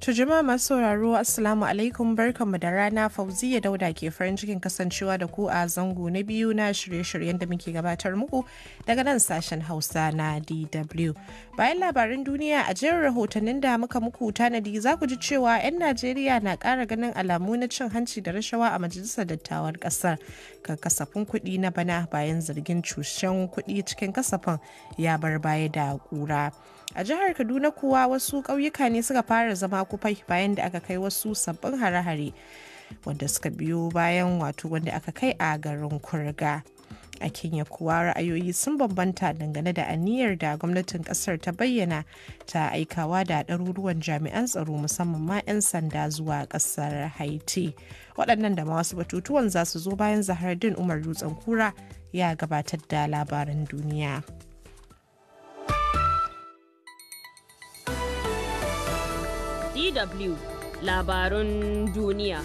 To jima masu sauraro Assalamu alaikum barkanmu da rana Fauziya Dauda ke farin cikin kasancewa da ku a zango na biyu na shirye-shiryen da muke gabatar muku daga nan sashen Hausa na DW. Bayan labaran duniya a jerin rahotannin da muka muku tanadi za ku ji cewa 'yan Najeriya na kara ganin alamu na cin hanci da rashawa a majalisar dattawan ƙasar kan kasafin kuɗi na bana bayan zargin cushen kuɗi cikin kasafin ya bar baya da ƙura. a jihar kaduna kuwa wasu ƙauyuka ne suka fara zama kufai bayan da aka kai wasu sabbin hare-hare wanda suka biyo bayan wato wanda aka kai a garin kurga a kenya kuwa ra'ayoyi sun bambanta dangane da aniyar da gwamnatin kasar ta bayyana ta aikawa da ɗaruruwan jami'an tsaro musamman ma 'yan sanda zuwa kasar haiti waɗannan da ma wasu batutuwan za su zo bayan din umar dutsen kura ya gabatar da labaran duniya. DW labarun duniya.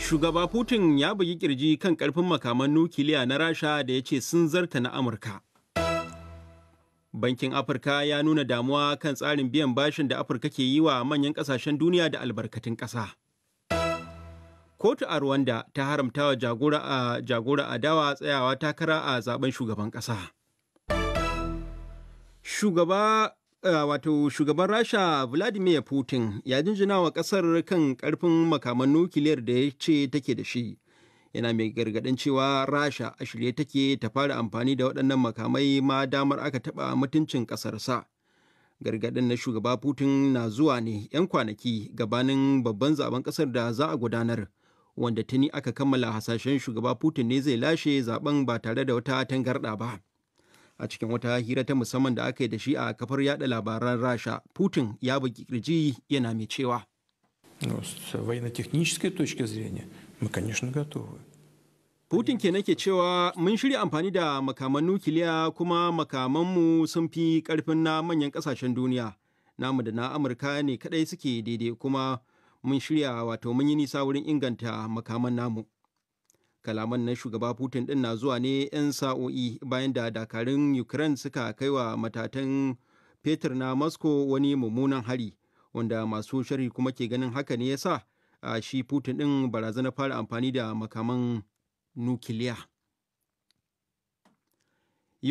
Shugaba Putin ya bugi kirji kan karfin makaman nukiliya na Rasha da ya ce sun zarta na Amurka. Bankin Afirka ya nuna damuwa kan tsarin biyan bashin da Afirka ke yi wa manyan kasashen duniya da albarkatun ƙasa. Kotu a Rwanda ta haramta wa jagora a jagora dawa tsayawa takara a zaben shugaban ƙasa. Shugaba Eh, wato shugaban rasha vladimir putin ya jinjina wa kasar kan karfin makaman nukiliyar da ya ce take da shi yana mai gargadin cewa rasha a shirye take ta fara amfani da waɗannan makamai ma damar aka taɓa mutuncin ƙasarsa gargadin na shugaba putin na zuwa ne 'yan kwanaki gabanin babban zaben ƙasar da za a gudanar wanda tuni aka kammala hasashen shugaba putin ne zai lashe zaben ba tare da wata tangarɗa ba a cikin wata hira ta musamman da aka yi da shi a kafar yada labaran rasha putin ya buki kirji yana mai cewa Putin ke nake cewa mun shirya amfani da makaman nukiliya kuma makamanmu sun fi karfin na manyan kasashen duniya namu da na Amurka ne kadai suke daidai kuma mun shirya wato mun yi nisa wurin inganta makaman namu. kalaman na shugaba putin din na zuwa ne 'yan sa'o'i bayan da dakarun ukraine suka kai wa matatan fetur na moscow wani mummunan hari wanda masu sharhi kuma ke ganin haka ne ya sa a shi putin din barazana fara amfani da makaman nukiliya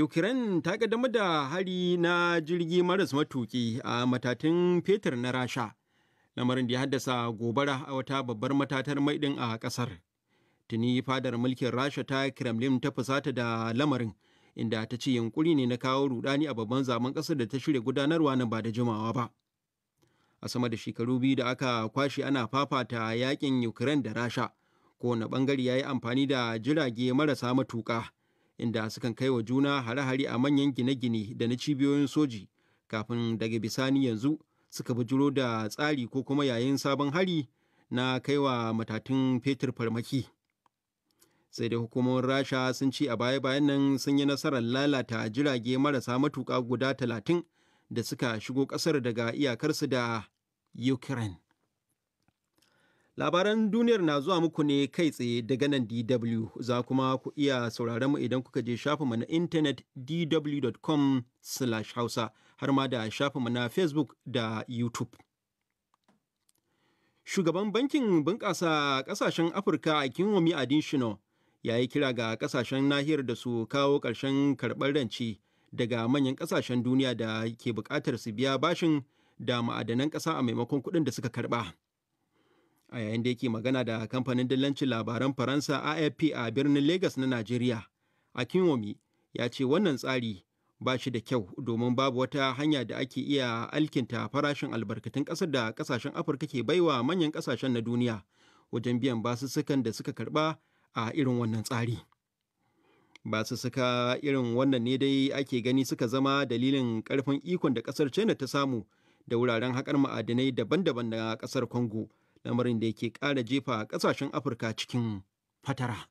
ukraine ta kaddamar da hari na jirgi maras matuki a matatun fetur na rasha lamarin da ya haddasa gobara a wata babbar matatar maidin a kasar tuni fadar mulkin rasha ta kremlin ta fusata da lamarin inda ta ce yunkuri ne na kawo rudani a babban zaben kasar da ta shirya gudanarwa nan ba da jimawa ba a sama da shekaru biyu da aka kwashe ana fafata yakin ukraine da rasha kowane bangare ya yi amfani da jirage marasa matuka inda sukan kai wa juna hare-hare a manyan gine-gine da na cibiyoyin soji kafin daga bisani yanzu suka bujuro da tsari ko kuma yayin sabon hari na kaiwa matatun fetur farmaki. sai dai hukumomin rasha sun ci a baya-bayan nan sun yi nasarar lalata jirage marasa matuƙa guda talatin da suka shigo ƙasar daga iyakarsu da ukraine labaran duniyar na zuwa muku ne kai tsaye daga nan dw za kuma ku iya sauraron mu idan kuka je shafinmu na intanet dw.com hausa har ma da shafinmu na facebook da youtube shugaban bankin bunƙasa ƙasashen afirka a kinwomi adinshino ya yi kira ga kasashen nahiyar da su kawo ƙarshen karɓar rance daga manyan ƙasashen duniya da ke buƙatar su biya bashin da ma'adanan ƙasa a maimakon kuɗin da suka karɓa. A yayin da yake magana da kamfanin dillancin labaran Faransa AFP a birnin Legas na Najeriya, Akinwomi ya ce wannan tsari ba shi da kyau domin babu wata hanya da ake iya alkinta farashin albarkatun ƙasar da ƙasashen Afirka ke baiwa manyan ƙasashen na duniya wajen biyan basussukan da suka karɓa a irin wannan tsari ba su suka irin wannan ne dai ake gani suka zama dalilin ƙarfin ikon da ƙasar china ta samu da wuraren haƙar ma'adinai daban-daban na ƙasar congo lamarin da yake ƙara jefa ƙasashen afirka cikin fatara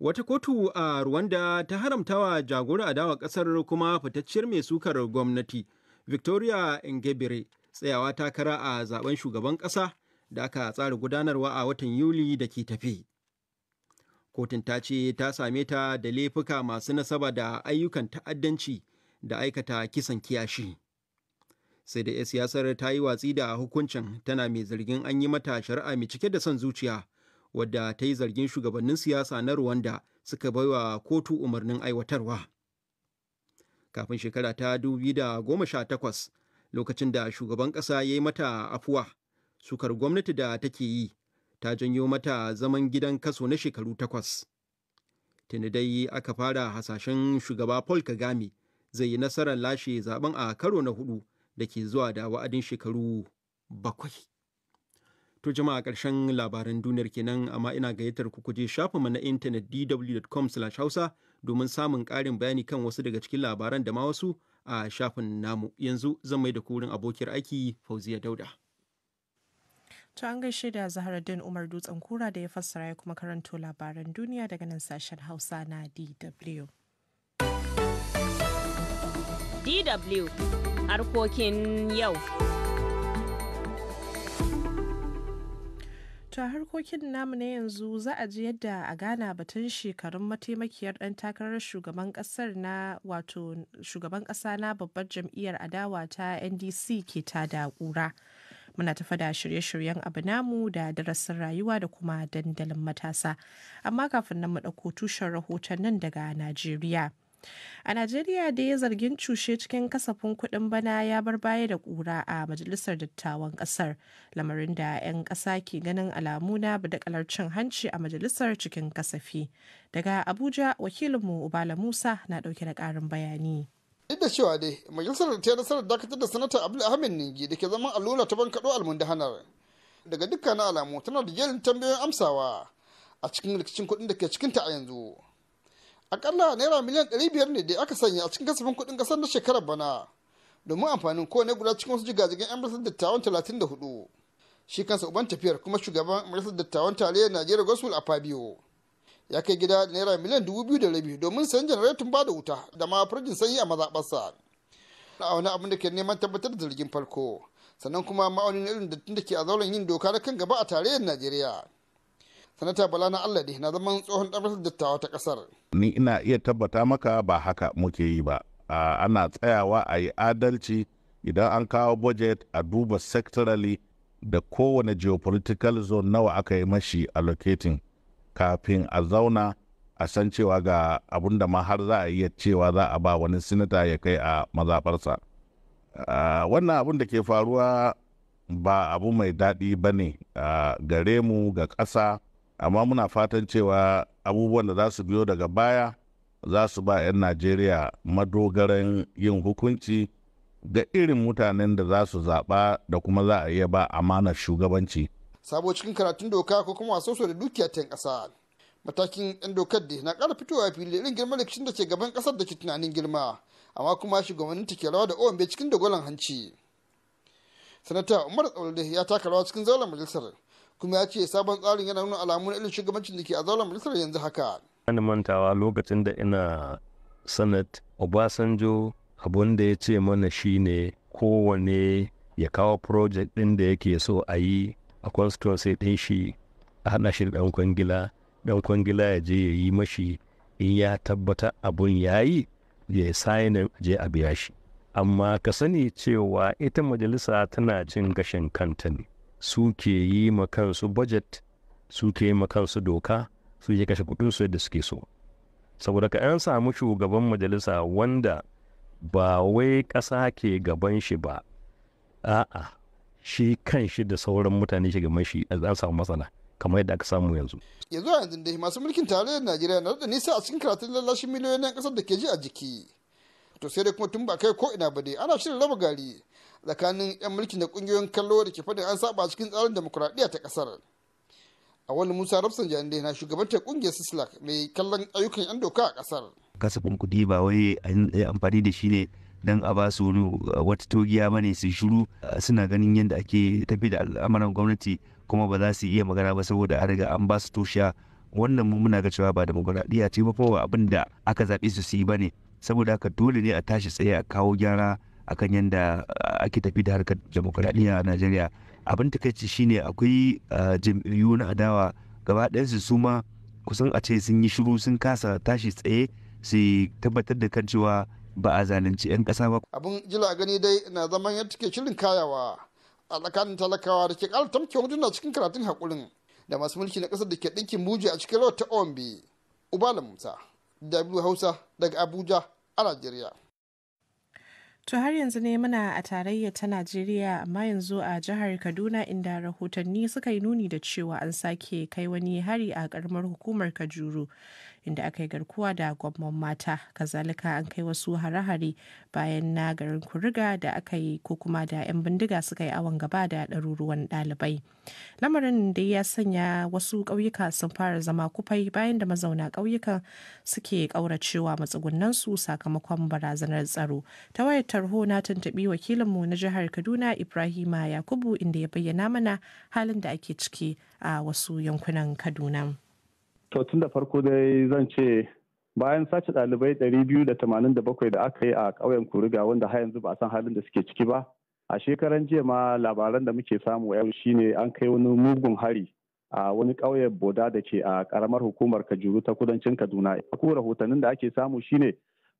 Wata kotu a Rwanda ta haramtawa jagora adawa kasar kuma fitacciyar mai sukar gwamnati Victoria Ingabire tsayawa takara a zaben shugaban ƙasa da aka tsara gudanarwa a watan Yuli da ke tafi. Kotun ta ce ta same ta da laifuka masu nasaba da ayyukan ta'addanci da aikata kisan kiyashi. Sai da 'yan siyasar ta yi watsi da hukuncin tana mai zargin an yi mata shari'a mai cike da son zuciya wadda ta yi zargin shugabannin siyasa na Rwanda suka baiwa kotu umarnin aiwatarwa. Kafin shekara ta takwas, lokacin da shugaban ƙasa ya yi mata afuwa. sukar gwamnati da take yi ta janyo mata zaman gidan kaso na shekaru takwas tuni dai aka fara hasashen shugaba paul kagame zai yi nasarar lashe zaben a karo na hudu da ke zuwa da wa'adin shekaru bakwai to jama'a ƙarshen labaran duniyar kenan amma ina gayyatar ku kuje shafinmu na intanet dw.com/hausa domin samun ƙarin bayani kan wasu daga cikin labaran da ma wasu a shafin namu yanzu zan mai da kurin abokiyar aiki fauziya dauda To an gaishe da din Umar Dutsen Kura da ya fassara ya kuma karanto labaran duniya daga nan sashen Hausa na DW. DW harkokin yau. To harkokin namu na yanzu za a ji yadda a gana batun shekarun mataimakiyar ɗan takarar shugaban ƙasar na wato shugaban ƙasa na babbar jam'iyyar adawa ta NDC ke tada ƙura. muna tafa da shirye-shiryen abu namu da darasin rayuwa da kuma dandalin matasa amma kafin nan mu ɗauko tushen rahoton nan daga najeriya a najeriya da zargin cushe cikin kasafin kuɗin bana ya bar baya da ƙura a majalisar dattawan ƙasar lamarin da 'yan ƙasa ke ganin alamu na badakalar cin hanci a majalisar cikin kasafi daga abuja wakilinmu ubala musa na ɗauke da ƙarin bayani duk da cewa dai majalisar ta nasarar dakatar da sanata abdul ahmed ningi da ke zaman allura ta ban kaɗo almundahanar daga dukkanin alamu tana da jerin tambayoyin amsawa a cikin rikicin kuɗin da ke cikinta a yanzu akalla naira miliyan 500 ne da aka sanya a cikin kasafin kuɗin ƙasar na shekarar bana domin amfanin kowane guda cikin wasu jigajigan yan majalisar dattawan 34 shi kansa uban tafiyar kuma shugaban majalisar dattawan tarayyar najeriya gosul a fabio ya kai gida da naira miliyan dubu biyu da rabi domin sayan ba bada wuta da ma farjin sanyi a mazaɓarsa a wani abin da ke neman tabbatar da zargin farko sannan kuma ma'aunin irin dattin da ke a zauren yin doka na kan gaba a tarayyar najeriya sanata bala na allah na zama tsohon ɗan dattawa ta ƙasar. ni ina iya tabbata maka ba haka muke yi ba ana tsayawa a yi adalci idan an kawo budget a duba sectorally da kowane geopolitical zone nawa aka yi mashi allocating kafin a zauna a san cewa ga abin da ma har za a iya cewa za a ba wani sinata ya kai a mazaɓarsa wannan abun da ke faruwa ba abu mai daɗi ba ne gare mu ga ƙasa amma muna fatan cewa abubuwan da za su biyo daga baya za su ba 'yan najeriya madogaran yin hukunci ga irin mutanen da za su zaɓa da kuma za a iya ba amana shugabanci sabo cikin karatun doka ko kuma wasu da dukiya ta ƙasa matakin yan dokar da na kara fitowa fili irin da rikicin da ke gaban ƙasar da ke tunanin girma amma kuma shugabannin ke rawa da omb cikin dogolan hanci sanata umar tsaulade ya taka rawa cikin zauren majalisar kuma ya ce sabon tsarin yana nuna alamun irin shugabancin da ke a zauren majalisar yanzu haka. Ana mantawa lokacin da ina sanat Obasanjo abun da ya ce mana shine kowane ya kawo project din da yake so a yi a sai ɗin shi a haɗa shi da ɗan kwangila ɗan kwangila ya je ya yi mashi in ya tabbata abun ya yi ya sayi je a biya shi amma ka sani cewa ita majalisa tana cin gashin kanta ne su ke yi ma kansu budget su yi ma kansu doka su ke kashe kudin su yadda suke so saboda ka 'yan samu shugaban majalisa wanda ba wai ƙasa ke gaban shi ba a'a shi kan shi da sauran mutane shiga mashi a samu matsala kamar yadda aka samu yanzu. yanzu a yanzu dai masu mulkin tarayyar najeriya na da nisa a cikin karatun lallashin miliyoyin 'yan kasar da ke ji a jiki to sai dai kuma tun ba kai ko ina ba dai ana shirin raba gari tsakanin 'yan mulkin da kungiyoyin kallo da ke fadin an saba a cikin tsarin demokuraɗiyya ta ƙasar a wani musa rafsan jande na shugabantar kungiyar sislak mai kallon ayyukan 'yan doka a kasar kasafin kuɗi ba wai amfani da shi ne don a ba su eh, wata togiya ba ne su shiru eh, suna ganin yadda ake tafi da al'amuran gwamnati kuma ba za su iya magana ba saboda an riga an ba su toshiya wannan mu muna ga cewa ba demokuraɗiyya ce ba kowa abin da aka zaɓe su su yi ba ne saboda haka dole ne a tashi tsaye a kawo gyara akan yadda eh, ake tafi da harkar demokuraɗiyya a najeriya abin takaici shine akwai jam'iyyu na adawa gaba ɗayansu su ma kusan a ce sun yi shiru sun kasa tashi tsaye su tabbatar da kan cewa ba a zalunci 'yan kasa ba. Abin jila gani dai na zaman yadda take shirin kayawa a tsakanin talakawa da ke ƙara tamke hotuna cikin karatun haƙurin da masu mulki na ƙasar da ke ɗinkin muji a cikin rawar ta OMB. Ubala Musa, W Hausa daga Abuja a Najeriya. To har yanzu ne muna a tarayya ta Najeriya amma yanzu a jihar Kaduna inda rahotanni suka yi nuni da cewa an sake kai wani hari a karamar hukumar Kajuru inda aka yi garkuwa da gwamman mata kazalika an kai wasu hare-hare bayan na garin kuriga da aka yi ko kuma da 'yan bindiga suka yi awon gaba da ɗaruruwan ɗalibai lamarin da ya sanya wasu ƙauyuka sun fara zama kufai bayan da mazauna ƙauyukan suke ƙauracewa su sakamakon barazanar tsaro ta wayar tarho na tuntuɓi wakilinmu na jihar kaduna ibrahima yakubu inda ya bayyana mana halin da ake ciki a wasu yankunan kaduna. to tun da farko dai zan ce bayan sace ɗalibai 287 da aka yi a ƙauyen kuriga wanda har yanzu ba san halin da suke ciki ba a shekaran jiya ma labaran da muke samu yau shine an kai wani mugun hari a wani ƙauyen boda da ke a ƙaramar hukumar kajuru ta kudancin kaduna ko rahotannin da ake samu shine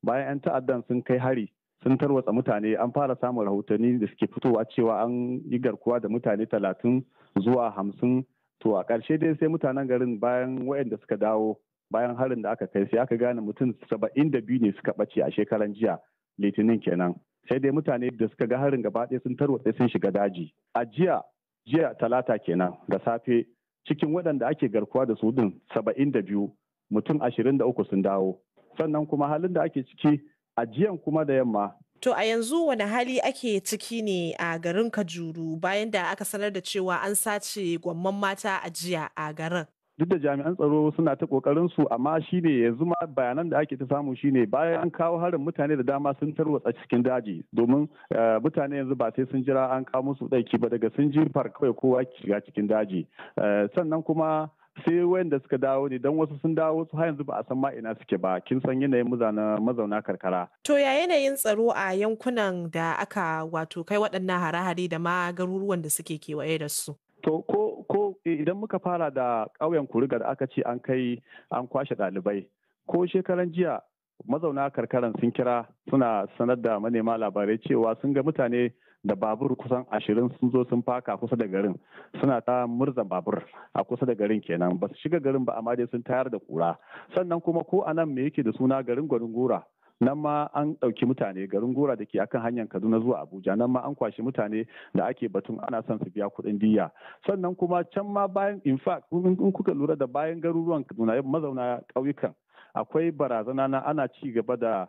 bayan 'yan ta'addan sun kai hari sun tarwatsa mutane an fara samun rahotanni da suke fitowa cewa an yi garkuwa da mutane talatin zuwa hamsin to a ƙarshe dai sai mutanen garin bayan waɗanda suka dawo bayan harin da aka kai sai aka gane mutum saba'in da biyu ne suka ɓace a shekaran jiya litinin kenan sai dai mutane da suka ga harin gaba ɗaya sun tarwatse sun shiga daji a jiya jiya talata kenan da safe cikin waɗanda ake garkuwa da su din saba'in da biyu mutum ashirin da uku sun dawo sannan kuma halin da ake ciki a jiyan kuma da yamma To a yanzu wani hali ake ciki ne a garin Kajuru bayan da aka sanar da cewa an sace gwamman mata a jiya a garin. Duk da jami'an tsaro suna ta kokarin su amma shine yanzu ma bayanan da ake ta samu shine bayan an kawo harin mutane da dama sun tarwatsa cikin daji domin eh, mutane yanzu ba sai sun jira an kawo musu ɗauki ba daga sun ji farkawai kowa shiga cikin daji. Eh, sannan kuma sai wayanda suka dawo ne don wasu sun dawo su har yanzu ba a san ma ina suke ba kin san yanayin mazauna karkara. To ya yanayin tsaro a yankunan da aka wato kai waɗannan hare-hare da ma garuruwan da suke kewaye da su. To ko ko idan muka fara da ƙauyen kuriga da aka ce an kai an kwashe ɗalibai ko shekaran jiya mazauna karkaran sun kira suna sanar da manema labarai cewa sun ga mutane da babur kusan ashirin sun zo sun faka kusa da garin suna ta murza babur a kusa da garin kenan ba su shiga garin ba amma dai sun tayar da kura sannan kuma ko a nan me yake da suna garin gwarin gora nan ma an ɗauki mutane garin gora da ke akan hanyar kaduna zuwa abuja nan ma an kwashi mutane da ake batun ana son su biya kuɗin diya sannan kuma can ma bayan in in kuka lura da bayan garuruwan kaduna mazauna ƙauyukan akwai barazana na ana ci gaba da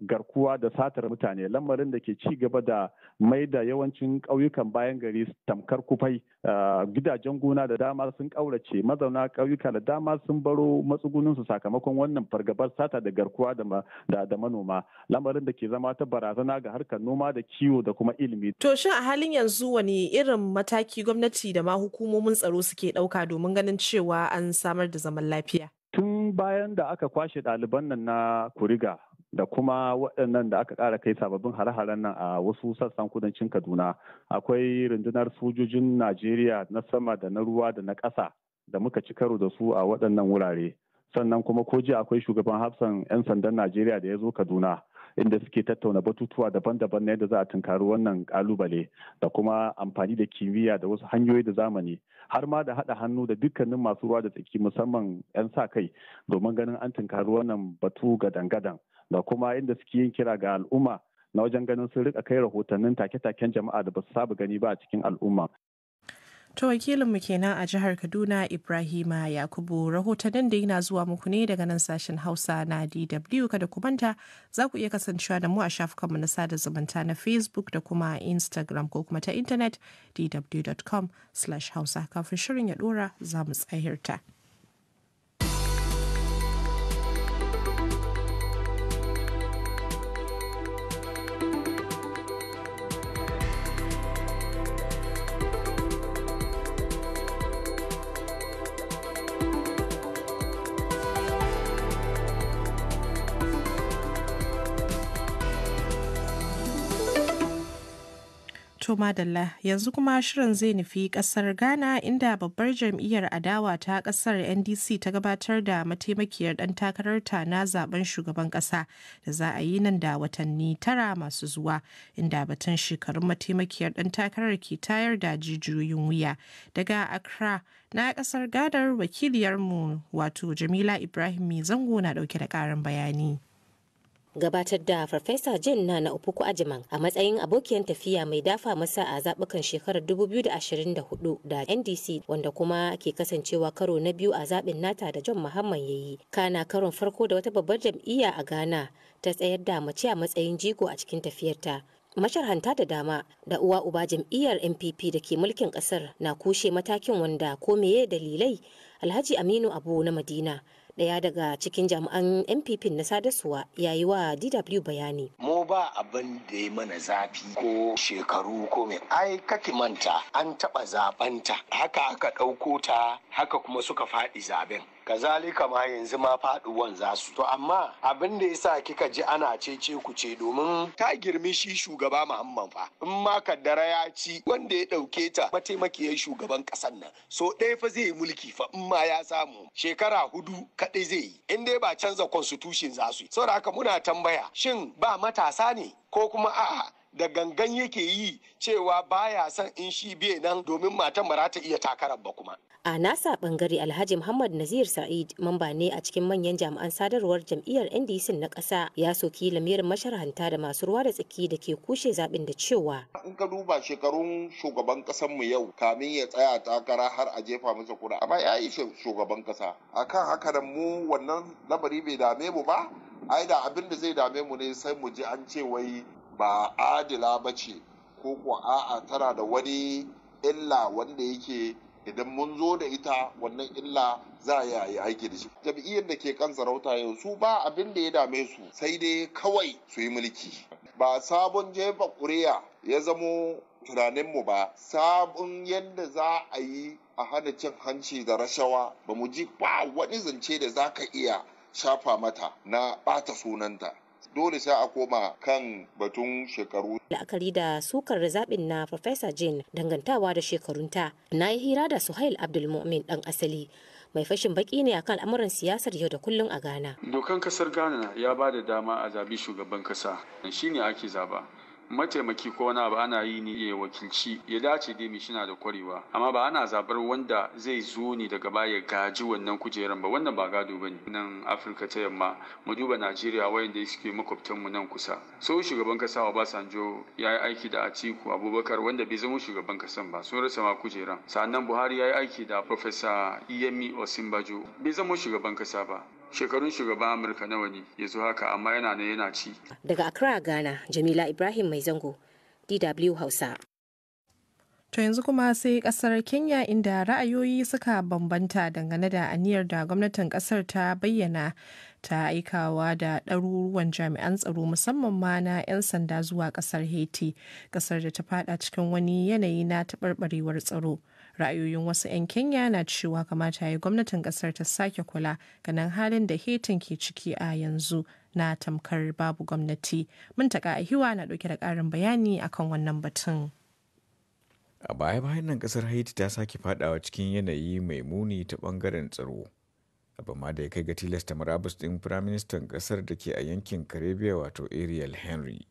garkuwa da satar mutane lamarin da ke ci gaba da mai da yawancin ƙauyukan bayan gari tamkar kufai gidajen gona da dama sun ƙaurace mazauna ƙauyuka da dama sun baro matsugunansu sakamakon wannan fargabar sata da garkuwa da manoma lamarin da ke zama ta barazana ga harkar noma da kiwo da kuma ilimi. To shin a halin yanzu wani irin mataki gwamnati da ma hukumomin tsaro suke ɗauka domin ganin cewa an samar da zaman lafiya? Tun bayan da aka kwashe ɗaliban nan na kuriga da kuma waɗannan da aka ƙara kai sababbin hare-haren nan a wasu sassan kudancin kaduna akwai rundunar sojojin najeriya na sama da na ruwa da na ƙasa da muka ci karo da su a waɗannan wurare sannan kuma ko jiya akwai shugaban hafsan 'yan sandan najeriya da ya zo kaduna inda suke tattauna batutuwa daban-daban na yadda za a tunkari wannan kalubale da kuma amfani da kimiyya da wasu hanyoyi da zamani har ma da haɗa hannu da dukkanin masu ruwa da tsaki musamman 'yan sa kai domin ganin an tunkari wannan batu gadan-gadan da kuma inda suke yin kira ga al'umma na wajen ganin sun rika kai rahotannin take-taken jama'a da ba su saba gani ba a cikin al'umma. To wakilinmu kenan a jihar Kaduna Ibrahima Yakubu rahotannin da yana zuwa muku ne daga nan sashen Hausa na DW kada ku manta za ku iya kasancewa da mu a shafukanmu na sada zumunta na Facebook da kuma Instagram ko kuma ta intanet dw.com/hausa kafin shirin ya dora za mu tsahirta. To Madalla, yanzu kuma shirin zai nufi kasar Ghana inda babbar jam'iyyar adawa ta kasar NDC ta gabatar da mataimakiyar ɗan takararta na zaben shugaban ƙasa da za a yi nan da watanni tara masu zuwa inda batun shekarun mataimakiyar ɗan takarar ke tayar da jijiyoyin wuya daga Accra na kasar gadar wakiliyarmu wato Jamila Ibrahim zango na dauke da karin bayani. gabatar da farfesa jen na na upuku ajiman a matsayin abokiyar tafiya mai dafa masa a zabukan shekarar 2024 da ndc wanda kuma ke kasancewa karo na biyu a zaɓin nata da john muhammad ya yi kana karon farko da wata babbar jam'iyya a ghana ta tsayar da mace a matsayin jigo a cikin tafiyarta masharhanta da dama da uwa uba jam'iyyar npp da ke mulkin kasar na kushe matakin wanda ko meye dalilai alhaji aminu abu na madina Daya daga cikin jami'an MPP na sadarwa ya yi wa DW bayani. Mu ba abin da ya mana zafi ko shekaru ko mai ai kake manta an taɓa zabanta haka aka ɗauko ta haka kuma suka faɗi zaben kazalika ma yanzu ma faɗuwan za su to amma abin da yasa kika ji ana cece ku ce domin ta girmi shi shugaba Muhammad fa in ma kaddara ya ci wanda ya ɗauke ta mataimakiyar shugaban ƙasar nan so ɗaya fa zai yi mulki fa in ma ya samu shekara hudu kaɗai zai yi in dai ba canza constitution za su yi saboda haka muna tambaya shin ba matasa wasa ne ko kuma a'a da gangan yake yi cewa baya son in shi biye nan domin matan ba ta iya takarar ba kuma. A nasa bangare Alhaji Muhammad Nazir Sa'id mamba ne a cikin manyan jami'an sadarwar jam'iyyar NDC na ƙasa ya soki lamirin masharhanta da masu ruwa da tsaki da ke kushe zaɓin da cewa. In ka duba shekarun shugaban ƙasar mu yau kamin ya tsaya takara har a jefa masa kura amma ya yi shugaban ƙasa akan haka da mu wannan labari bai dame mu ba ai da abin da zai dame mu ne sai mu ji an ce wai ba adila ba ce ko ko a'a tana da wani illa wanda yake idan mun zo da ita wannan illa za a yi aiki da shi jam'iyyar da ke kan sarauta yau su ba abin da ya dame su sai dai kawai su yi mulki ba sabon jefa ƙuri'a ya zamo tunaninmu ba sabon yadda za a yi a hana cin hanci da rashawa ba mu ji ba wani zance da za ka iya shafa mata na ɓata sunanta dole sai a koma kan batun shekaru. La'akari da sukar zaɓin na Farfesa Jane dangantawa da shekarunta na yi hira da Suhail Abdulmumin ɗan asali. mai fashin baki ne akan al'amuran siyasar yau da kullum a Ghana. Dokan kasar Ghana ya ba da dama a zabi shugaban kasa, shi ne ake zaba. mataimaki ko wani abu ana yi ne ya wakilci ya dace dai mai shina da kwarewa amma ba ana zabar wanda zai zo ne daga baya gaji wannan kujeran ba wannan ba gado ba ne nan afirka ta yamma mu duba najeriya wayanda suke makwabtan mu nan kusa so shugaban kasa obasanjo ya yi aiki da atiku abubakar wanda bai zama shugaban kasan ba sun rasa ma kujeran sannan buhari ya yi aiki da professor iyemi osinbajo bai zama shugaban kasa ba shekarun shugaban amurka nawa ne zo haka amma yana ne yana ci daga accra ghana jamila ibrahim mai zango dw hausa To yanzu kuma sai kasar Kenya inda ra'ayoyi suka bambanta dangane da aniyar da gwamnatin kasar ta bayyana ta aikawa da ɗaruruwan jami'an tsaro musamman ma na 'yan sanda zuwa kasar Haiti, kasar da ta fada cikin wani yanayi na taɓarɓarewar tsaro. ra'ayoyin wasu 'yan kenya na cewa kamata ya yi gwamnatin kasar ta sake kula ganin halin da hetin ke ciki a yanzu na tamkar babu gwamnati a ahiwa na dauke da karin bayani akan wannan batun a baya bayan nan kasar haiti ta sake fadawa cikin yanayi mai muni ta bangaren tsaro abu ma da ya kai ga tilasta murabus din firaministan kasar da ke a yankin caribbean wato ariel henry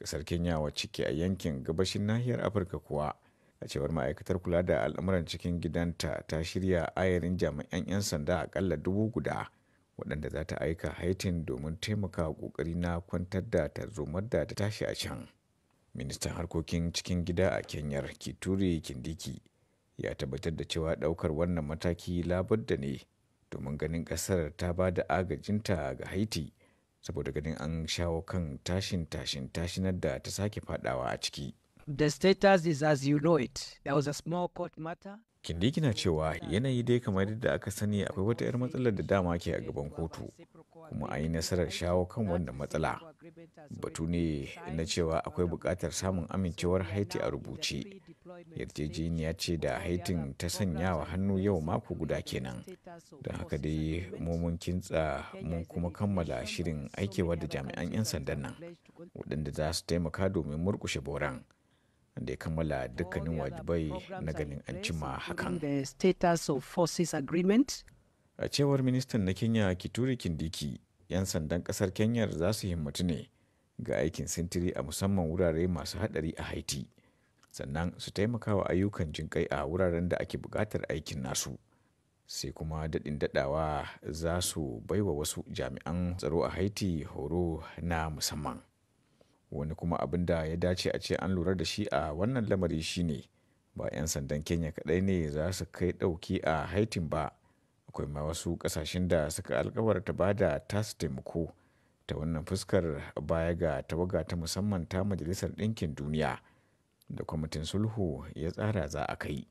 kasar kenya wacce ke a yankin gabashin nahiyar afirka kuwa a cewar ma'aikatar kula da al'amuran cikin gidanta ta shirya ayarin jami'an 'yan sanda akalla dubu guda waɗanda za ta aika haitin domin taimaka ƙoƙari na kwantar da tarzomar da ta tashi a can ministan harkokin cikin gida a kenyar kituri kindiki ya tabbatar da cewa ɗaukar wannan mataki labadda ne domin ganin ƙasar ta ba da agajinta ga haiti saboda ganin an shawo kan tashin tashin tashinar da ta sake fadawa a ciki The status is as you know it. There was a small court matter. Kindiki na cewa yanayi dai kamar yadda aka sani akwai wata 'yar matsalar da dama ke a gaban kotu kuma a yi nasarar shawo kan wannan matsala. Batu ne na cewa akwai buƙatar samun amincewar Haiti a rubuce. Yarjejeniya ce da Haitin ta sanya wa hannu yau mako guda kenan. Don haka dai mu mun kintsa mun kuma kammala shirin aikewa da jami'an 'yan sandan nan waɗanda za su taimaka domin murƙushe boran. da ya kammala dukkanin wajibai na ganin an cima hakan. A cewar ministan na Kenya Kituri Kindiki, 'yan sandan kasar Kenya za su himmatu ne ga aikin sintiri a musamman wurare masu hadari a Haiti, sannan su taimakawa ayyukan jinƙai a wuraren da ake buƙatar aikin nasu. sai kuma daɗin daɗawa za su baiwa wasu jami'an tsaro a haiti horo na musamman wani kuma abin da ya dace a ce an lura da shi a wannan lamari shine ba 'yan sandan kenya kadai ne za su kai dauki a haitin ba akwai ma wasu kasashen da suka alkawarta ba da tasu taimako ta wannan fuskar baya ga tawaga ta musamman ta majalisar ɗinkin duniya da kwamitin sulhu ya tsara za a kai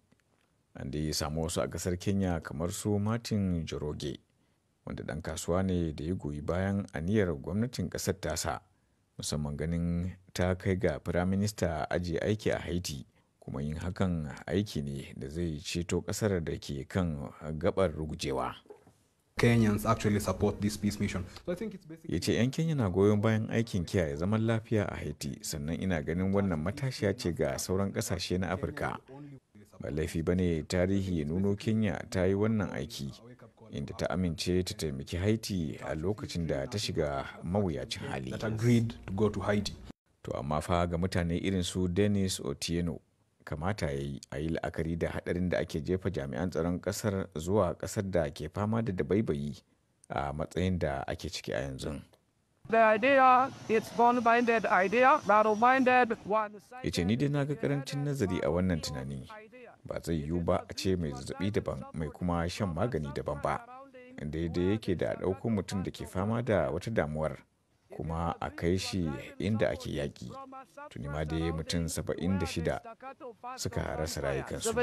an da ya samu wasu a ƙasar kenya kamar su martin joroge wanda ɗan kasuwa ne da ya goyi bayan aniyar gwamnatin ƙasar tasa musamman ganin ta kai ga firaminista ajiye aiki a haiti kuma yin hakan aiki ne da zai ceto kasar da ke kan gabar rugujewa Kenyans actually support this peace mission. Ya ce 'yan Kenya na goyon bayan aikin kiyaye zaman lafiya a Haiti, sannan ina ganin wannan matashiya ce ga sauran kasashe na Afirka. Ba laifi ba ne tarihi nuno Kenya ta yi wannan aiki. inda ta amince ta taimaki haiti a lokacin da ta shiga mawuyacin hali to amma fa ga mutane irin su dennis otieno kamata ya yi a yi la'akari da hadarin da ake jefa jami'an tsaron kasar zuwa kasar da ke fama da dabaibayi a matsayin da ake ciki a yanzu. Yace ni dai na ga karancin nazari a wannan tunani ba zai yiwu ba a ce mai zazzabi daban mai kuma shan magani daban ba daidai yake da ɗauko mutum da ke fama da wata damuwar kuma a kai shi inda ake yaƙi tuni ma dai mutum 76 suka rasa rayukansu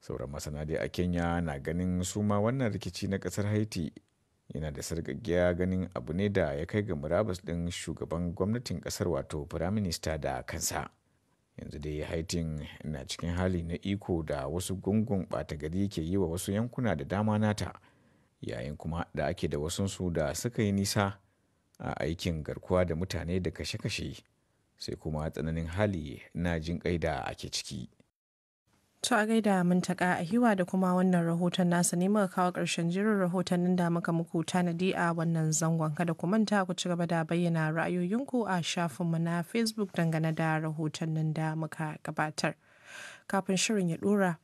sauran masana dai a kenya na ganin su ma wannan rikici na ƙasar haiti yana da sargaggiya ganin abu ne da ya kai ga murabus ɗin shugaban gwamnatin ƙasar wato firaminista da kansa yanzu dai haitin na cikin hali na iko da wasu gungun ɓata gari ke yi wa wasu yankuna da dama nata yayin kuma da ake da wasu su da suka yi nisa a aikin garkuwa da mutane da kashe-kashe sai kuma tsananin hali na jin da ake ciki. To a gaida mintaka a hiwa da kuma wannan rahoton nasa ne muka kawo ƙarshen jirin nan da muka muku tanadi a wannan zangon kada ku manta ku ci gaba da bayyana ra'ayoyinku a shafinmu na Facebook dangane da rahoton nan da muka gabatar. Kafin shirin ya ɗora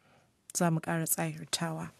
za mu ƙara tsayartawa.